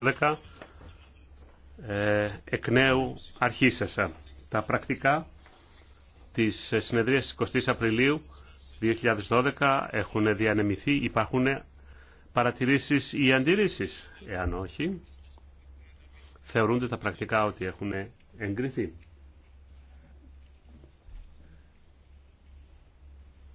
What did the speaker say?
12 ε, εκ νέου αρχίσασα. Τα πρακτικά της συνεδρίας 20 Απριλίου 2012 έχουν διανεμηθεί. Υπάρχουν παρατηρήσεις ή αντιρρήσεις. Εάν όχι, θεωρούνται τα πρακτικά ότι έχουν εγκριθεί.